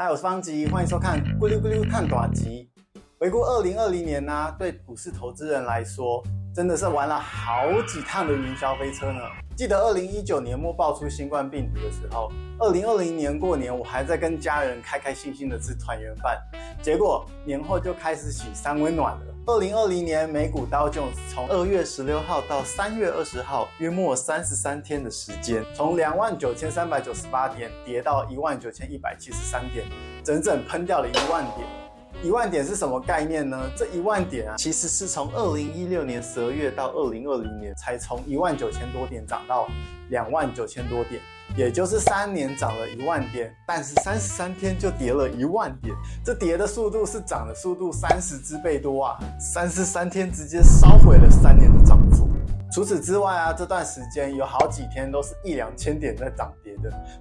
嗨，Hi, 我是方吉，歡迎收看《股溜股溜探大吉》。回顧二零二零年呢、啊，對股市投資人來說，真的是玩了好幾趟的雲霄飛車呢。記得二零一九年末爆出新冠病毒的時候，二零二零年過年我還在跟家人開開心心的吃團圓飯，結果年後就開始洗三溫暖了。二零二零年美股道瓊斯從二月十六號到三月二十號，約莫三十三天的時間，從兩萬九千三百九十八點跌到一萬九千一百七十三點，整整噴掉了一萬點。一萬點是什麼概念呢？這一萬點啊，其實是從二零一六年十二月到二零二零年才從一萬九千多點漲到兩萬九千多點，也就是三年漲了一萬點，但是三十三天就跌了一萬點，這跌的速度是漲的速度三十之倍多啊！三十三天直接燒毀了三年的漲幅。除此之外啊，這段時間有好幾天都是一兩千點在漲。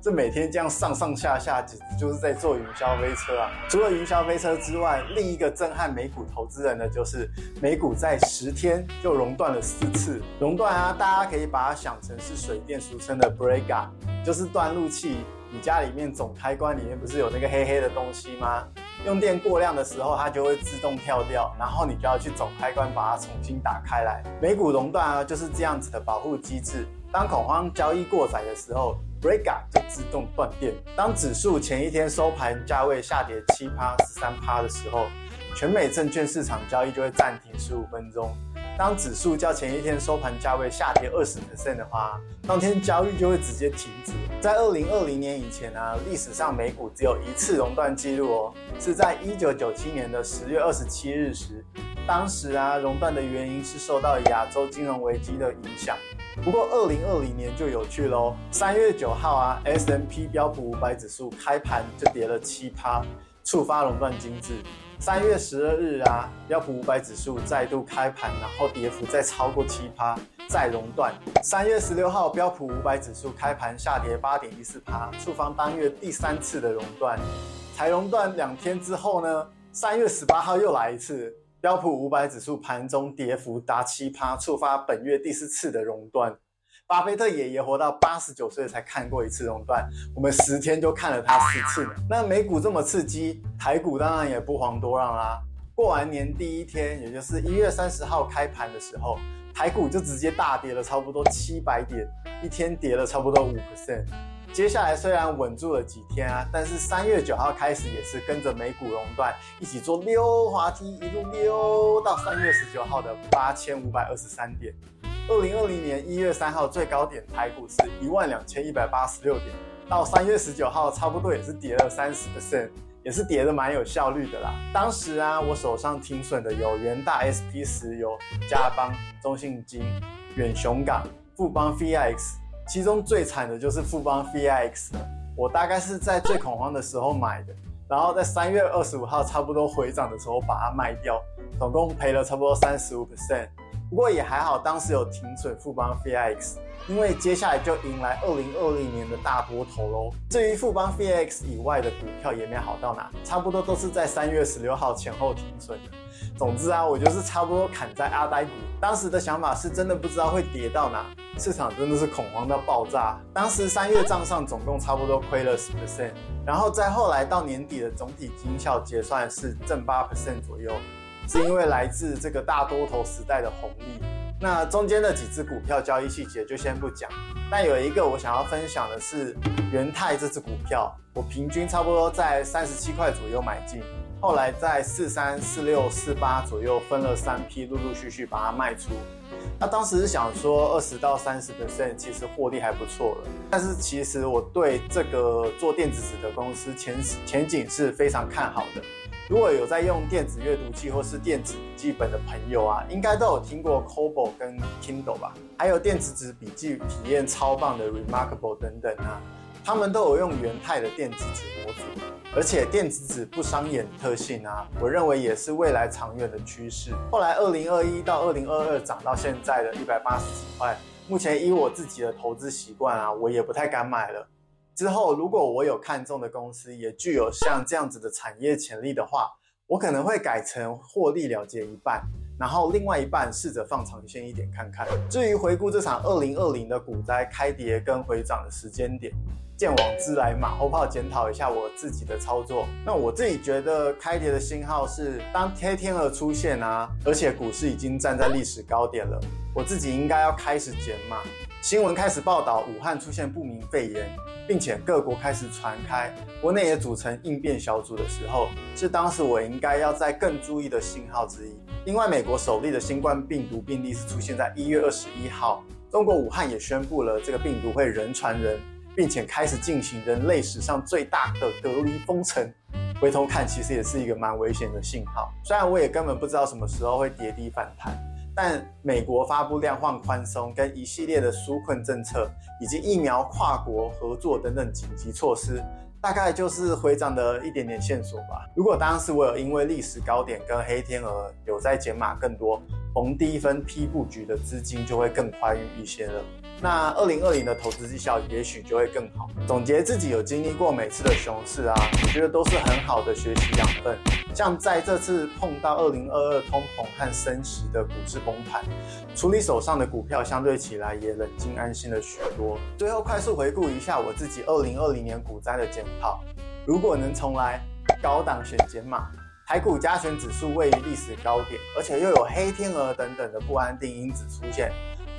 這每天這樣上上下下，簡直就是在做雲霄飛車啊！除了雲霄飛車之外，另一個震撼美股投資人的就是美股在十天就熔斷了四次。熔斷啊，大家可以把它想成是水電俗稱的 breaker，就是斷路器。你家裡面總開關裡面不是有那個黑黑的東西嗎？用電過量的時候，它就會自動跳掉，然後你就要去總開關把它重新打開來。美股熔斷啊，就是這樣子的保護機制。當恐慌交易過載的時候。Breakout 就自動斷電。當指數前一天收盤價位下跌七趴、十三趴的時候，全美證券市場交易就會暫停十五分鐘。當指數較前一天收盤價位下跌二十 percent 的話，當天交易就會直接停止。在二零二零年以前呢、啊，歷史上美股只有一次熔斷記錄哦，是在一九九七年的十月二十七日時，當時啊熔斷的原因是受到亞洲金融危機的影響。不過，二零二零年就有趣嘍。三月九號啊，S&P 標普五百指數開盤就跌了七趴，觸發熔斷機制。三月十二日啊，標普五百指數再度開盤，然後跌幅再超過七趴，再熔斷。三月十六號，標普五百指數開盤下跌八點一四趴，觸發當月第三次的熔斷。才熔斷兩天之後呢，三月十八號又來一次。標普五百指數盤中跌幅達七趴，觸發本月第四次的熔斷。巴菲特爺爺活到八十九歲才看過一次熔斷，我們十天就看了他四次。那美股這麼刺激，台股當然也不遑多讓啦。過完年第一天，也就是一月三十號開盤的時候，台股就直接大跌了差不多七百點，一天跌了差不多五%。接下來雖然穩住了幾天啊，但是三月九號開始也是跟着美股熔斷一起做溜滑梯，一路溜到三月十九號的八千五百二十三點。二零二零年一月三號最高點台股是一萬兩千一百八十六點，到三月十九號差不多也是跌了三十%，也是跌得蠻有效率的啦。當時啊，我手上停損的有元大 SP 石油、嘉邦、中信金、遠雄港、富邦 VIX。其中最慘的就是富邦 VIX 了，我大概是在最恐慌的時候買的，然後在三月二十五號差不多回漲的時候把它賣掉，總共賠了差不多三十五 percent。不過也還好，當時有停損富邦 VIX，因為接下來就迎來二零二零年的大波頭嘍。至於富邦 VIX 以外的股票也沒好到哪，差不多都是在三月十六號前後停損的。總之啊，我就是差不多砍在阿呆股。當時的想法是真的不知道會跌到哪，市場真的是恐慌到爆炸。當時三月賬上總共差不多虧了十 percent，然後再後來到年底的總體績效結算是正八 percent 左右。是因為來自這個大多頭時代的紅利。那中間的幾隻股票交易細節就先不講。但有一個我想要分享的是，元太這隻股票，我平均差不多在三十七塊左右買進，後來在四三四六四八左右分了三批，陸陸續續把它賣出。那當時想說二十到三十趴其實獲利還不錯了。但是其實我對這個做電子紙的公司前前景是非常看好的。如果有在用電子閱讀器或是電子筆記本的朋友啊，應該都有聽過 Kobo 跟 Kindle 吧，還有電子紙筆記體驗超棒的 Remarkable 等等啊，他們都有用元太的電子紙模組，而且電子紙不傷眼特性啊，我認為也是未來長遠的趨勢。後來二零二一到二零二二漲到現在的一百八十幾塊，目前以我自己的投資習慣啊，我也不太敢買了。之後，如果我有看中的公司，也具有像這樣子的產業潛力的話，我可能會改成獲利了結一半，然後另外一半試着放長線一點看看。至於回顧這場二零二零的股災開跌跟回漲的時間點，鑑往知來，馬後炮檢討一下我自己的操作。那我自己覺得開跌的信號是當黑天鵝出現啊，而且股市已經站在歷史高點了，我自己應該要開始減碼。新聞開始報道武漢出現不明肺炎，並且各國開始傳開，國內也組成應變小組的時候，是當時我應該要再更注意的信號之一。另外，美國首例的新冠病毒病例是出現在一月二十一號，中國武漢也宣布了這個病毒會人傳人。並且開始進行人類史上最大的隔離封城，回頭看其實也是一個蠻危險的信號。雖然我也根本不知道什麼時候會跌低反彈，但美國發布量化寬鬆、跟一系列的紓困政策，以及疫苗跨國合作等等緊急措施，大概就是回漲的一點點線索吧。如果當時我有因為歷史高點跟黑天鵝有在減碼更多，逢低分批佈局的資金就會更寬裕一些了，那二零二零的投資績效也許就會更好。總結自己有經歷過每次的熊市啊，我覺得都是很好的學習養分。像在這次碰到二零二二通膨和升息的股市崩盤，處理手上的股票相對起來也冷靜安心了許多。最後快速回顧一下我自己二零二零年股災的檢討，如果能重來，高檔，高檔選減碼。台股加權指數位於歷史高點，而且又有黑天鵝等等的不安定因子出現，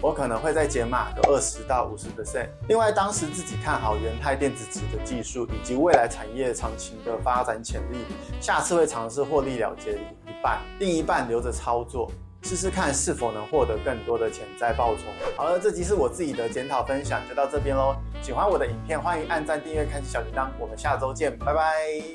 我可能會再減碼個二十到五十 percent。另外，當時自己看好元太電子紙的技術以及未來產業長情的發展潛力，下次會嘗試獲利了結一半，另一半留着操作，試試看是否能獲得更多的潛在報酬。好了，這集是我自己的檢討分享，就到這邊嘍。喜歡我的影片，歡迎按讚訂閱開啟小鈴鐺。我們下周見，拜拜。